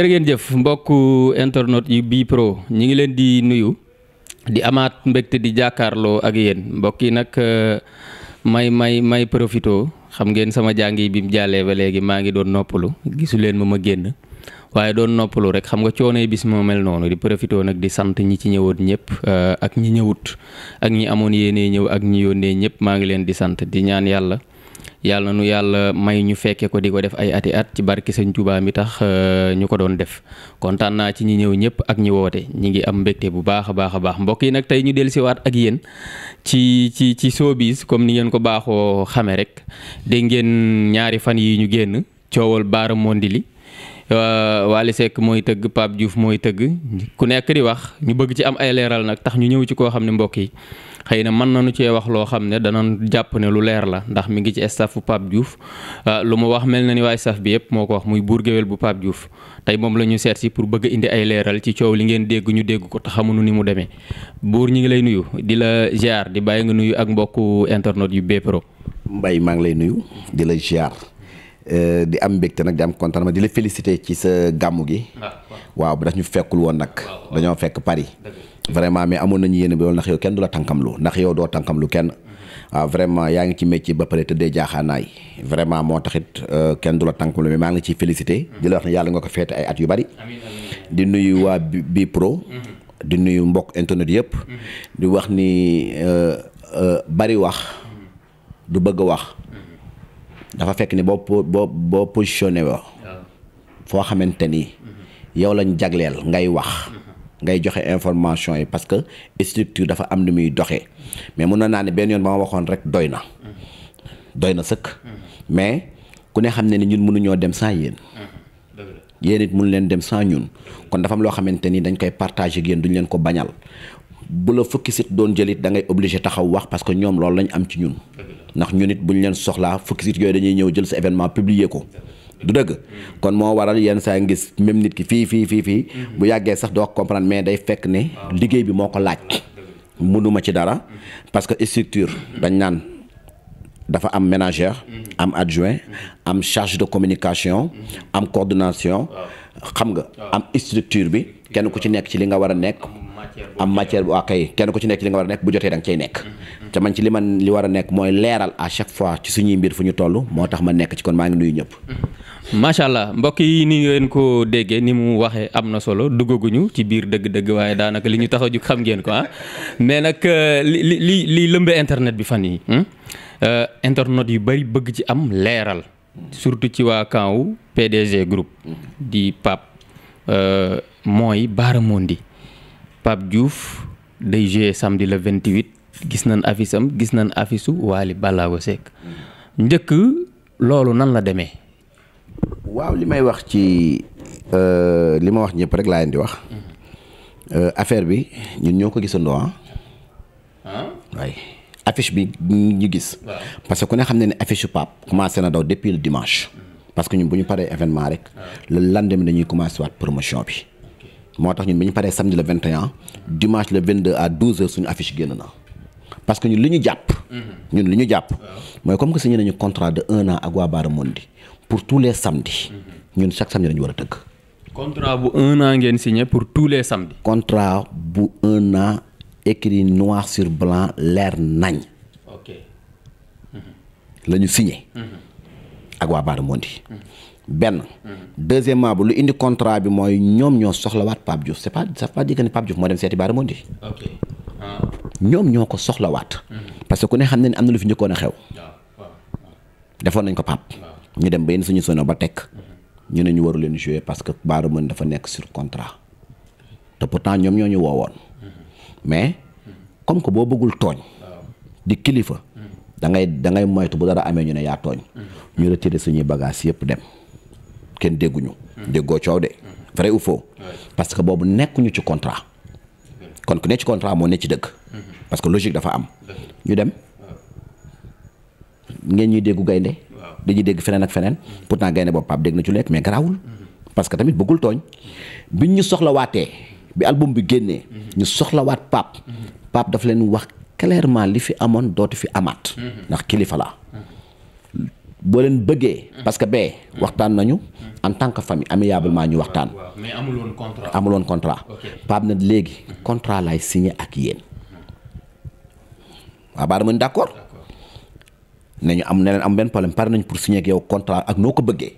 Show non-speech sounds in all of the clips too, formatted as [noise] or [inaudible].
jërë ngeen jëf mbokku internet yu bii pro ñi ngi leen di nuyu di amaat mbégte di jàkkaarloo ak yéen mbokk yi nag euh, may may may profito xam ngeen sama jàng bi mu jàllee ba léegi maa ngi doon noppalu gisu leen ma ma génn waaye doon noppalu rek xam nga coono bis moo mel noonu di profito nag di sant ñi ci ñëwoon ñëpp euh, ak ñi ñëwut ak ñi amoon yéenee ñëw ak ñi yoon nee ñëpp maa ngi leen di sant di ñaan yàlla. yàlla nu yàlla may ñu fekke ko di ko def ay ati at ci barki sëñ Tuubaa mi tax euh, ñu ko doon def kontaan naa ci ñi ñëw ñëpp ak ñi woote ñi ngi am mbégte bu baax a baax a baax mbokk yi nag tey ñu dellusiwaat ak yéen ci ci ci showbiz comme ni ngeen ko baaxoo xame rek dégg ngeen ñaari fan yi ñu génn coowal Baara Mondili euh, Wally Seck mooy tëgg Pape Diouf mooy tëgg ku nekk di wax ñu bëgg ci am ay leeral nag tax ñu ñëw ci koo xam ne mbokk yi xëy na mën nu cee wax loo xam ne danañ jàpp ne lu leer la ndax mi ngi ci staffu Pape juuf ah, lu ma wax mel na ni waaye staff bi yëpp moo ko wax muy buur géwél bu Pape Diouf tey moom la ñu seet si pour bëgg indi ay leeral ci coow li ngeen dégg ñu dégg ko te xamuñu ni mu demee buur ñu ngi lay nuyu di la ziar di bàyyi nga nuyu ak mbokku internet yu Bprod. Mbaye maa ngi lay nuyu di la ziar. Euh, di am mbégte nag di am kontaan ma di la félicité ci sa gàmmu gi. Ah, waaw bu fekkul woon nag. dañoo fekk Paris. vraiment mais amoon nañu yéene bi loolu ndax yow kenn du la tànkamlu ndax yow doo tànkamlu kenn waaw ah, vraiment yaa ngi ci métier ba pare tëddee jaaxaanaay vraiment moo taxit euh, kenn du la tànkamlu mais maa ngi ciy félicité di la wax ne nga ko feete at yu bari nuyu waa bi pro mm-hmm. di nuyu mbokk internet yëpp mm-hmm. di wax ni euh, euh, bari wax mm-hmm. du bëgg wax dafa fekk ni boo boo boo positionné xamante ni yow lañ jagleel ngay wax ngay joxe information yi parce que structure dafa am lu muy doxee mais mun na naa ne benn yoon ba ma waxoon rek doy na doy na sëkk mais ku ne xam ne ni ñun mënuñoo dem sans yéen yéen it mun leen dem sans ñun kon dafa am loo xamante ni dañ koy partager ak yéen duñ leen ko bañal bu la fukki sit doon jëlit da ngay obligé taxaw wax parce que ñoom loolu lañ am ci ñun ndax ñun it bu buñ leen soxlaa fukki sit yooyu dañuy ñëw jël sa événement publier ko du dëgg kon moo waral yenn saa ngis même nit ki fii fii fii fii bu yàggee sax doo comprendre mais day fekk ni liggéey bi moo ko laaj mënuma ci dara parce que structure dañ naan dafa am ménagère am adjoint am charge de communication am coordination xam nga am structure bi kenn ku ci nekk ci li nga war a nekk am matière bu akay kenn ku ci nekk ci li nga war a nekk bu jotee da nga cay nekk te man ci li man li war a nekk mooy leeral à chaque fois ci suñuy mbir fu ñu toll moo tax ma nekk ci kon maa ngi nuyu ñëpp. macha allah mbokk yi ni ngeen ko déggee ni mu waxee am na solo duggaguñu ci biir dëgg-dëgg waaye daanaka li ñu tax a jug xam ngeen ko ah mais nag euh, li li li lëmbe internet bi fan yi hmm? euh, internet yu bari bëgg ci am leeral. surtout ci waa kanwu PDG groupe di Pape euh, mooy Baara Mondi Pape Diouf day joué samedi le 28. gis nañ affiche am gis nañ affiche su Wally Ballago Seck njëkk loolu nan la demee. waaw li may wax ci euh, li ma wax ñëpp rek laay leen di wax. Euh, affaire bi ñun ñoo ko gisandoo ah. ah. waaye affiche bi ñu gis. parce que ku ne xam ne ne affiche su Pape na daw depuis le dimanche. parce que ñun bu ñu paree événement rek. Ah. le lendemain dañuy commencé waat promotion bi. moo tax ñun bu ñu paree samedi le 21 dimanche le 22 à 12h suñu affiche génn na. parce que ñun li ñu jàpp. Mhm. ñun lu ñu jàpp. mooy comme que signé nañu contrat de un an ak waa Baara Mondi pour tous les samedis. Mhm. ñun chaque samedi dañu war a tëgg. contra bu un an pour tous les samedis. contrat bu un an écrit noir sur blanc leer nañ. ok. Mhm. la ñu signé. ak Baara Mondi. benn. deuxièmement bu lu indi contrat bi mooy ñoom ñoo soxlawaat Pape Diouf c'est c'est pas dire que ne Pape moo dem seeti Baara Mondi. Ah. ñoom ñoo ko soxlawaat. parce que ku ne xam ne ne am na lu fi njëkkoon a xew. defoon nañ ko pap ñu dem ba yenn suñu sono ba tekk ñu ne ñu waru leen jouer parce que Baara Mën dafa nekk sur contrat te pourtant ñoom ñoo ñu woowoon mais comme que boo bëggul tooñ di kilifa da ngay da ngay moytu bu dara amee ñu ne yaa tooñ ñu retiré suñuy bagages yëpp dem kenn dégguñu. déggoo coow de vrai ou faux parce que boobu nekkuñu ci contrat kon ku ne ci contrat moo ne ci dëgg. parce que logique dafa am. ñu dem ngeen ñuy déggu gaynde dañuy dégg feneen ak feneen. Mm-hmm. pourtant gaynde boobu Pape dégg na ci lekk mais garaawul. Mm-hmm. parce que tamit bëggul tooñ. Mm-hmm. biñ ñu soxlawaatee bi album bi génnee. ñu soxlawaat Pape. Pape dafa leen wax clairement li fi amoon dootu fi amaat. ndax kilifa la. boo leen bëggee. parce que bee waxtaan nañu. en tant que famille amiablement ñu waxtaan. mais amul woon contrat contrat. Pape na léegi contra laay signé ak yéen. waa baara ma ni d'accord nañu am ne am benn problème pare nañ pour signer ak yow contrat ak noo ko bëggee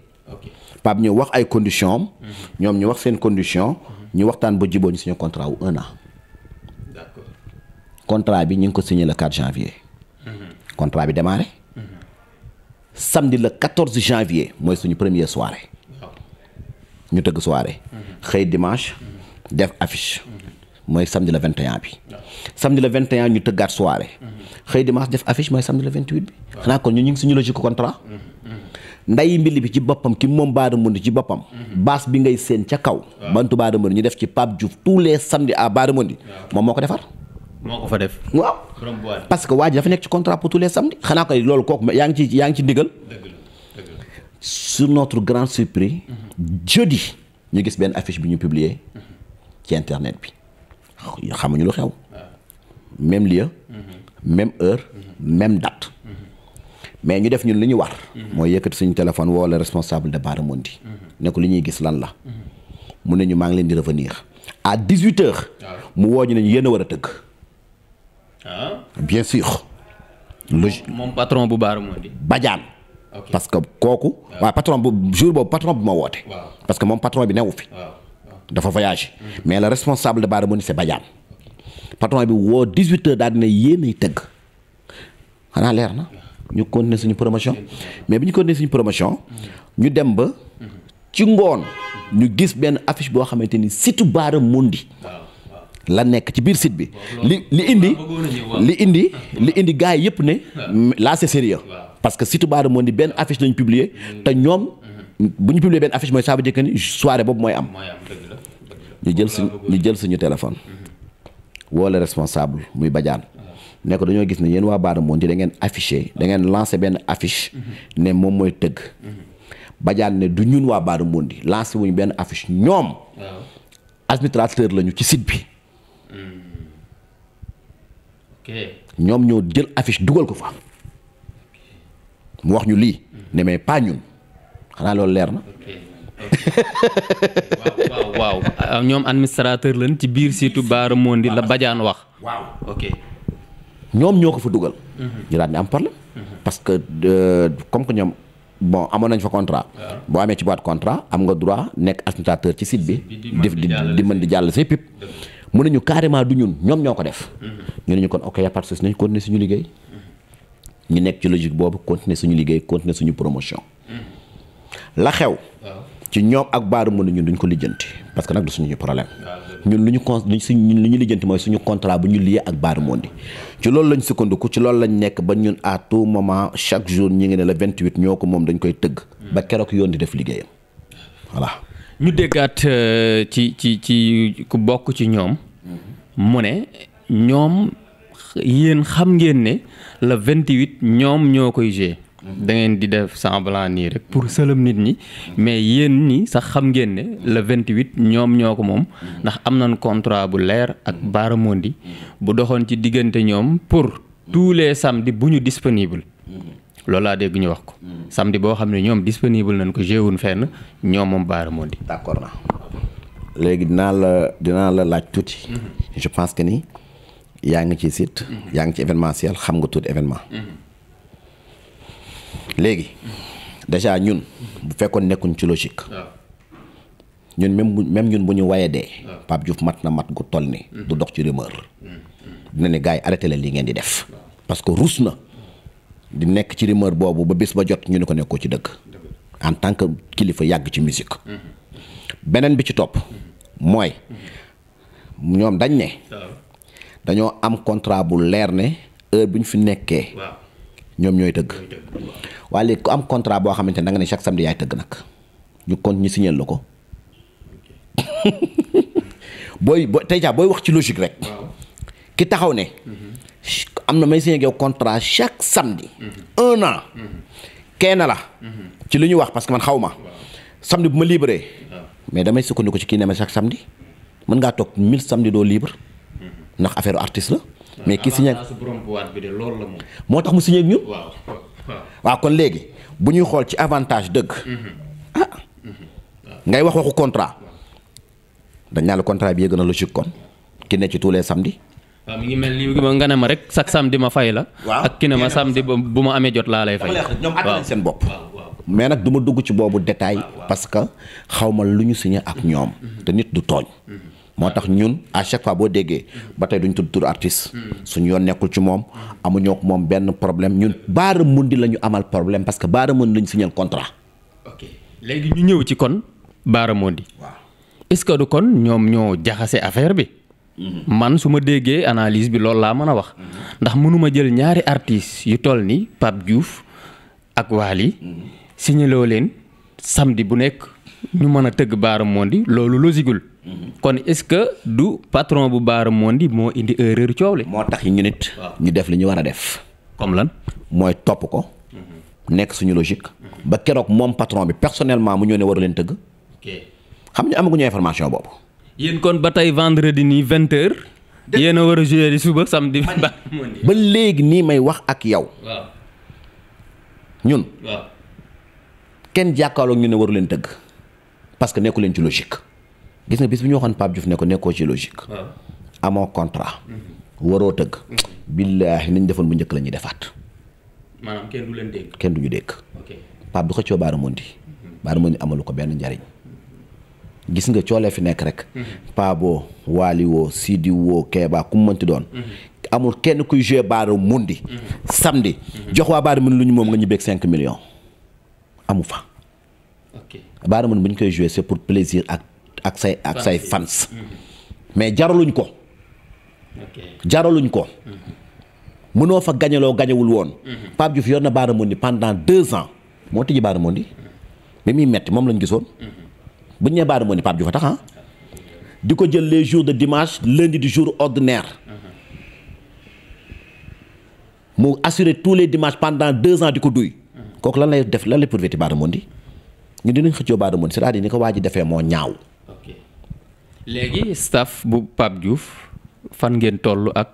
Pape ñu wax ay condition mhm. ñoom ñu wax seen condition mhm. ñu waxtaan ba jiboo ñu signé contrat wu un an contrat bi ñu ngi ko signé la quatre janvier mhm. contrat bi démarré samedi le 14 janvier mooy suñu premier soirée ñu tëgg soirée xëy dimanche def affiche mooy samedi le 21 bi. samedi le 21 ñu tëggaat soirée. xëy dimanche def affiche mooy samedi le 28 bi. xanaa kon ñu ngi suñu logique contrat. Mm-hmm. Mm-hmm. ndayi mbili bi ci boppam ki moom baara mënd ci boppam. Mm-hmm. baas bi ngay seen ca kaw. bantu baara mënd ñu def ci Pape Diouf tous les samedis à baara mënd. moom moo ko defar. moo ko fa def. waaw parce que waa ji dafa nekk ci contrat pour tous les samedis. xanaa koy loolu kooku yaa ngi ci yaa ngi ci ndigal. sur notre grande surprise. jeudi ñu gis benn affiche bi ñu publier ci internet bi. xam ñu lu xew même lieu même heure même date mais ñu def ñun lu ñu war mooy yëkkati suñu téléphone woo la responsable de Baara Mondi ne li ñuy gis lan la mun ne ñu maa ngi leen di revenir à dix-huit heures ah. mu woo ñu ne ñu yéen war a tëgg ah. bien sûr logi moom patron bu Baara Mondi Badiane parce que kooku ah. waaw patron bu jour boobu patron bi ma woote parce que moom patron bi newu fi dafa voyagé. mais la responsable de Baara see c'est Badiane patron bi woo 18 heures daal dina yéenay tëgg xanaa leer na ñu continuer suñu promotion mais bu ñu continuer suñu promotion ñu dem ba ci ngoon ñu gis benn affiche boo xamante ni site Baara Moni la nekk ci biir site bi li li indi li indi li indi gars yi yëpp ne là c'est sérieux parce que site Baara Moni benn affiche lañu publier te ñoom bu ñu publier benn affiche mooy ça veut dire que mooy am ñu jël suñ ñu jël suñu téléphone woole responsable muy bajaan nekk ko dañoo gis ne yéen waa Baara Monti da ngeen affiché da ngeen lancé benn affiche ne moom mooy tëgg bajaan ne du ñun waa Baara Monti lancé ñu benn affiche ñoom administrateur lañu ci site bi ñoom ñoo jël affiche dugal ko fa mu wax ñu lii mm. ne mais pas ñun xanaa loolu leer na waaw waaw waaw ñoom administrateur lañ ci biir siitu Baara di la Badiane wax. waaw ok. ñoom ñoo ko fa dugal. Mhm. ñu daan am problème. Mhm. parce que euh, comme que ñoom bon amoon nañ fa contrat. boo amee ci boîte contrat am nga droit nekk administrateur ci site bi. di di mën di jàll say pip. mu ne ñu carrément du ñun ñoom ñoo ko def. Mhm. ñu ne ñu kon ok y a pas de souci continuer suñu liggéey. ñu nekk ci logique boobu continuer suñu liggéey continuer suñu promotion. la xew. ci ñoom ak baar mën ñun duñ ko lijjanti parce que nag du suñu problème ñun lu ñu con suñ li ñu lijjanti mooy suñu contrat bu ñu lié ak baaru mondi ci loolu lañ sukkandiku ci loolu lañ nekk ba ñun at tout moment chaque jour ñi ngi ne la 28 ñoo ko moom dañ koy tëgg ba keroog yoon di def liggéeyam voilà ñu déggaat euh, ci ci ci ku bokk ci ñoom mu ne ñoom yéen xam ngeen ne la 28 ñoom ñoo koy gée Mhm. da ngeen di def semblant nii rek pour sëlëm nit ñi mhm. mais yéen ñi sax xam ngeen ne le vingt huit ñoom ñoo ko moom mhm. ndax am na contrat bu leer ak Baara Mondi bu doxoon ci diggante ñoom pour tous les samedis bu ñu disponible loolu laa dégg ñu wax ko samdi boo xam ne ñoom disponible nañ ko jéewuñ fenn ñoom moom Baara Mondi. d'accord na léegi dinaa la dinaa la laaj tuuti. je pense que ni yaa ngi ci site. yaa ngi ci événementiel xam nga tuuti événement. léegi déjà ñun bu fekkoon nekkuñ ci logique ñun même même ñun bu ñu waye dee Pape Diouf mat na mat gu toll ni du dox ci rumeur dina ne gars yi arrêté leen li ngeen di def parce que ruus na di nekk ci rumeur boobu ba bis ba jot ñu ne ko nekkoo ci dëgg en tant que kilifa yàgg ci musique beneen bi ci topp mooy ñoom dañ ne dañoo am contrat bu leer ne heure bi ñu fi nekkee ñoom ñooy tëgg waaye léegi ku am contrat boo xamante ne nga ne chaque samedi yaay tëgg nag ñu compte ñu signé la ko [laughs] booy booy tey jaa booy wax ci logique rek ki taxaw ne am na may signé ak yow contrat chaque samedi mm-hmm. un an mm-hmm. kenn la mm-hmm. ci lu ñu wax parce que man xaw ma samedi bu ma libéré mais damay sukkandiku ci kii ne ma chaque samedi mën ngaa toog mille samedi doo libre ndax affaire artiste la mais ki signé moo tax mu signé ak ñun. waaw kon léegi bu ñuy xool ci avantage dëgg. Mhm. ah mhm. ngay wax waxu contrat. dañ naa la contrat bi yëg na logique kon ki ne ci tous les samedis. waaw mi ngi mel ni nga ne ma rek chaque samedi ma fay la. ak ki ne ma samedi bu ma amee jot laa lay fay. ñoom at seen bopp. mais nag du ma dugg ci boobu détail parce que xaw ma lu ñu signé ak ñoom. Mhm. te nit du tooñ. moo tax ñun à chaque fois boo déggee ba tey duñ tudd tur artiste suñu yoon nekkul ci moom amuñoo ko moom benn problème ñun baara mundi la ñu amal problème parce que baara mundi lañu signé contrat. léegi ñu ñëw ci kon baara mundi. waaw est-ce que kon ñoom ñoo jaxase affaire bi. Mhm. man su ma déggee analise bi loolu laa mën a wax. Mhm. ndax mënuma jël ñaari artistes yu toll ni Pape Diouf ak Waly. Mhm. signaloo leen samedi bu nekk ñu mën a tëgg baara mundi loolu losigul kon est-ce que du patron bu Baara Mondi moo indi erreur coow li. moo tax yi ñu nit. ñu def li ñu war a def. comme lan. mooy topp ko. nekk suñu logique. ba keroog moom patron bi personnellement mu ñëw ne leen tëgg. xam ñu amaguñu information boobu. yéen kon ba tey vendredi nii vingt heures. yéen a war a jouer di suba samedi. ba léegi nii may wax ak yow. ñun. kenn jàkkaarloog ñu ne waru leen tëgg parce que nekku leen ci logique. gis nga bis bu ñu waxoon Pape Diouf ne ko nekkoo ci ah. amoo contrat. Mhm. waroo tëgg. Mhm. billaahi nañ defoon bu njëkk la ñuy defaat. maanaam kenn du leen dégg. kenn du ñu dégg. ok mhm. ko benn njariñ. gis nga coolee fi nekk rek. Paabo Waali woo Sidi woo Keeba ku mu doon. amul kenn kuy joué Baara Mondi. samedi jox waa Baara Mondi lu ñu moom nga ñu beeg 5 amu fa. ok Baara Mondi bu ñu koy joué c'est pour plaisir ak. ak say ak say fans mais jaraluñ ko jaraluñ ko mhm. mënoo fa gañaloo gañewul woon mhm. Pape fi yoon na Baara Mondi pendant deux moo tijji Baara Mondi mhm. bi muy metti moom lañ gisoon bu ñu nee Baara Mondi Pape Diouf a tax ah di ko jël les jours de dimanche lundi di jour ordinaire mu assuré tous les dimanches pendant deux ans di ko duy kooku lan lay def lan lay prouvé Baara Mondi ñu dinañ xëccoo Baara Mondi c'est-à-dire ni ko waa ji defee moo ñaaw ok léegi staff bu Pape juuf fan ngeen toll ak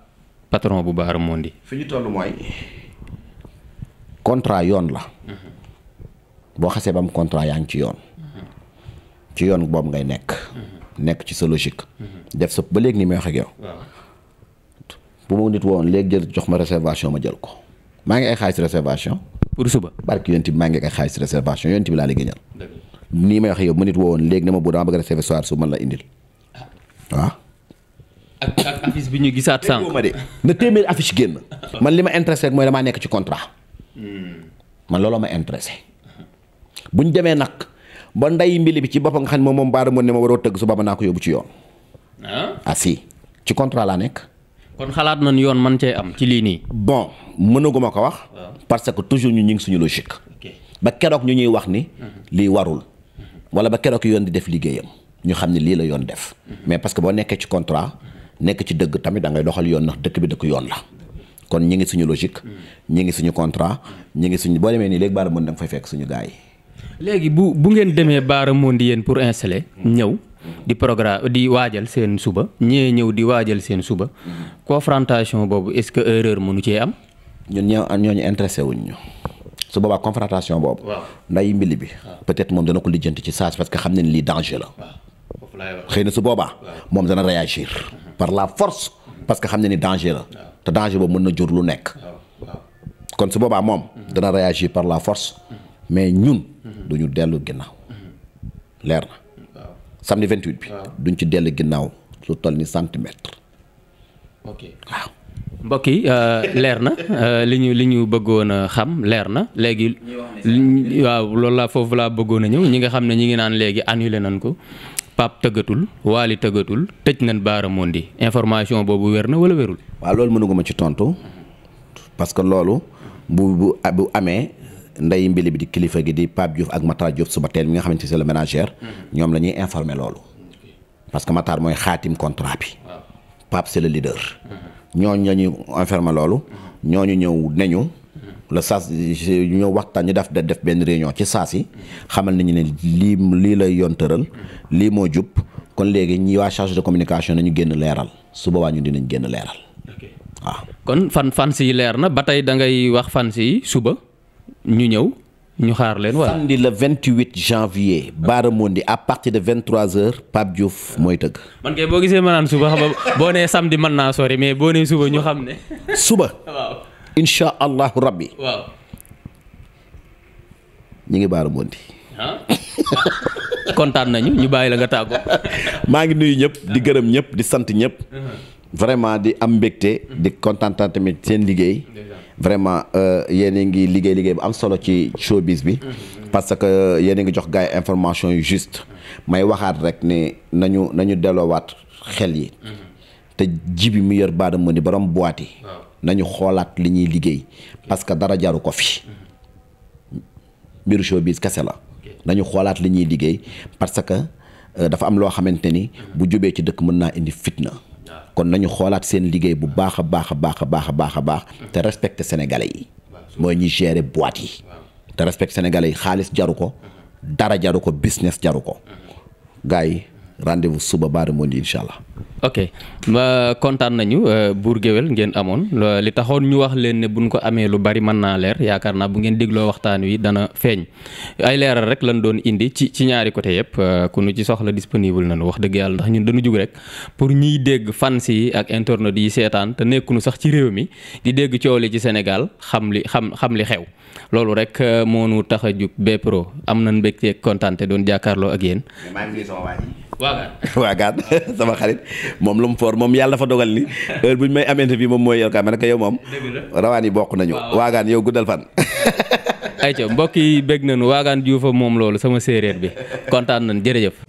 patron bu Baara Mondi. fi ñu tollu mooy contrat yoon la. Mhm. boo xasee ba am contrat yaa ngi ci yoon. Mhm. ci yoon boobu ngay nekk. Mhm. nekk ci sa logique. def sa ba léegi ni may wax ak yow. bu ma nit woon léegi jël jox ma réservation ma jël ko maa ngi ay xaalis réservation. pour suba barki yonent bi maa ngi ay xaalis réservation laa la génneel. nii may wax yow ma nit woowoon léegi ne ma bu dama bëgg a def soir su mën la indil waaw. Ah. Ah. ak ak bi ñu gisaat sànq. ma de na téeméeri affiche génn. man li ma intéressé rek mooy damaa nekk ci contrat. Hmm. man looloo ma intéressé. bu ñu demee nag ba ndey mbili bi ci boppam nga xam ne moom moom baara mu ne ma waroo tëgg su baba naa ko yóbbu ci yoon. Ah. ah si ci contrat laa nekk. kon xalaat nañ yoon man cee am ci lii nii. bon mënaguma ko wax. parce que toujours ñu ngi suñu logique. ba keroog ñu ñuy wax ni. Hmm. lii warul. wala ba keroog yoon di def liggéeyam ñu xam ne lii la yoon def mais parce que boo nekkee ci contrat nekk ci dëgg tamit da ngay doxal yoon ndax dëkk bi dëkk yoon la kon ñu ngi suñu logique ñi ngi suñu contrat ñu ngi suñu boo demee nii léegi baara moon da nga fay fekk suñu gars yi léegi bu bu ngeen demee baara moon di yéen pour installer ñëw di programme di waajal seen suba ñee ñëw di waajal seen suba confrontation boobu est-ce que erreur mënu cee am ñun ñoo ñooñu intéressé wuñ ñu su boobaa confrontation boobu. waaw nday mbili bi. peut-être moom dana ko lijjanti ci saas parce que xam ne ni lii danger la. xëy na su boobaa. moom dana réagir. Mhm. par la force. Mhm. parce que xam ne ni danger la. te danger boobu mën na jur lu nekk. kon su boobaa moom. Mhm. dana réagir par la force. mais ñun. duñu dellu ginnaaw. leer na. samedi bi. duñ ci dellu ginnaaw lu toll ni centimètre. waaw. mbokk yi euh, leer na euh, li ñu li ñu bëggoon a xam leer na léegi. waaw loolu laa foofu laa bëggoon a ñëw ñi nga xam ne ñu ngi naan léegi annulé nañ ko Pape tëggatul Waly tëggatul tëj nañ Baara di information boobu wér na wala wérul. waa loolu mënuguma ci tontu parce que loolu bu bu bu amee. nday mbili bi di kilifa gi di Pape Diouf ak Matar Diouf suba teel mi nga xamante ne c'est le ménagère ñoom la ñuy informer loolu parce que Matar mooy xaatim contrat bi Pape c'est le leader. ñooñu la ñu enfermer loolu. ñu ñëw neñu la saas ñu ñëw waxtaan ñu def def benn réunion ci saas yi xamal nañu ne lii lii lay yoon tëral lii moo jub kon léegi ñi waa charge de communication nañu génn leeral suba boobaa ñu dinañ génn leeral. waaw kon fan fans yi leer na ba tey da ngay wax fans yi suba ñu ñëw. ñu xaar leen waaw samedi le 28 janvier. Baaramondi à partir de 23h Pape Diouf mooy tëgg. man kay boo gisee ma naan suba xam boo nee samedi man naa sori mais boo nee suba ñu xam ne. suba. waaw incha allahu rabbi. waaw. ñu ngi Baaramondi. Ah. kontaan nañu ñu bàyyi la nga tàggoo. maa ngi nuyu ñëpp di gërëm ñëpp di sant ñëpp. Uh-huh. vraiment di am mbégte. di kontaan tamit seen liggéey. vraiment euh, yéen a ngi liggéey liggéey bu am solo ci showbiz bi. parce que euh, yéen ngi jox gars yi information yu juste. may waxaat rek ne nañu nañu delloowaat xel yi. te jibi mi yor baada mu ni borom boîte yi. nañu xoolaat li ñuy liggéey. parce que dara jaru ko fi. mbiru showbiz kese la. nañu xoolaat li ñuy liggéey parce que euh, dafa am loo xamante ni. Mm-hmm. bu jubee ci dëkk mën naa indi fitna. kon nañu xoolaat seen liggéey bu baax a baax a baax a baax a baax a baax te respecté sénégalais yi mooy ñi gérer boîte yi te respecté sénégalais yi xaalis jaru ko dara jaru ko business jaru ko gars yi rendez-vous suba baara moon yi incha allah. ok kontaan nañu euh, buur géwél ngeen amoon li taxoon ñu wax leen ne buñ ko amee lu bari mën naa leer yaakaar naa bu ngeen dégloo waxtaan wi dana feeñ ay leeral rek lañ doon indi ci ci ñaari côté yëpp euh, ku nu ci soxla disponible nanu wax dëgg yàlla ndax ñun danu jug rek pour ñiy dégg fans yi ak internet yi seetaan te nekkunu sax ci réew mi di dégg coow li ci Sénégal xam li xam xam li xew loolu rek euh, moo nu tax a jug Bprod am nañ mbégteeg kontaan doon jàkkaarloo ak yéen. waagaat [laughs] [laughs] sama xarit moom lu mu foor moom yàlla dafa dogal ni [laughs] heure bu ñu may am interview moom mooy yor kaa ma yow moom rawaan yi bokk nañu waagaan yow guddal fan ayca mbokk yi bég nañu waagaan juufa moom loolu sama séeréer bi kontaan nañ jërëjëf